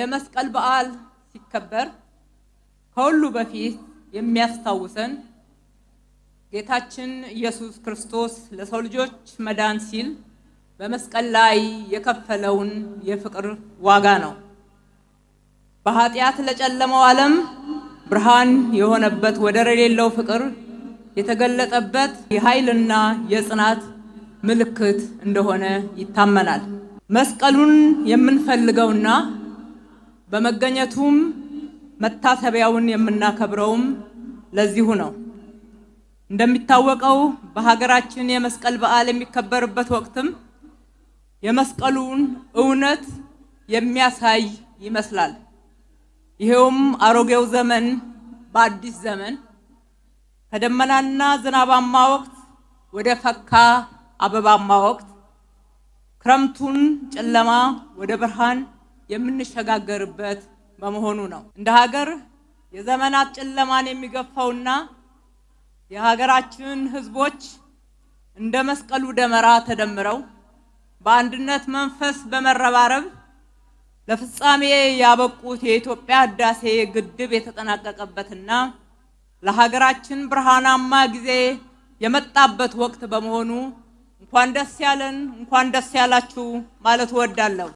የመስቀል በዓል ሲከበር ከሁሉ በፊት የሚያስታውሰን ጌታችን ኢየሱስ ክርስቶስ ለሰው ልጆች መዳን ሲል በመስቀል ላይ የከፈለውን የፍቅር ዋጋ ነው። በኃጢአት ለጨለመው ዓለም ብርሃን የሆነበት ወደር የሌለው ፍቅር የተገለጠበት የኃይልና የጽናት ምልክት እንደሆነ ይታመናል። መስቀሉን የምንፈልገውና በመገኘቱም መታሰቢያውን የምናከብረውም ለዚሁ ነው። እንደሚታወቀው በሀገራችን የመስቀል በዓል የሚከበርበት ወቅትም የመስቀሉን እውነት የሚያሳይ ይመስላል። ይሄውም አሮጌው ዘመን በአዲስ ዘመን ከደመናና ዝናባማ ወቅት ወደ ፈካ አበባማ ወቅት፣ ክረምቱን ጨለማ ወደ ብርሃን የምንሸጋገርበት በመሆኑ ነው። እንደ ሀገር የዘመናት ጨለማን የሚገፋውና የሀገራችን ሕዝቦች እንደ መስቀሉ ደመራ ተደምረው በአንድነት መንፈስ በመረባረብ ለፍጻሜ ያበቁት የኢትዮጵያ ህዳሴ ግድብ የተጠናቀቀበትና ለሀገራችን ብርሃናማ ጊዜ የመጣበት ወቅት በመሆኑ እንኳን ደስ ያለን፣ እንኳን ደስ ያላችሁ ማለት እወዳለሁ።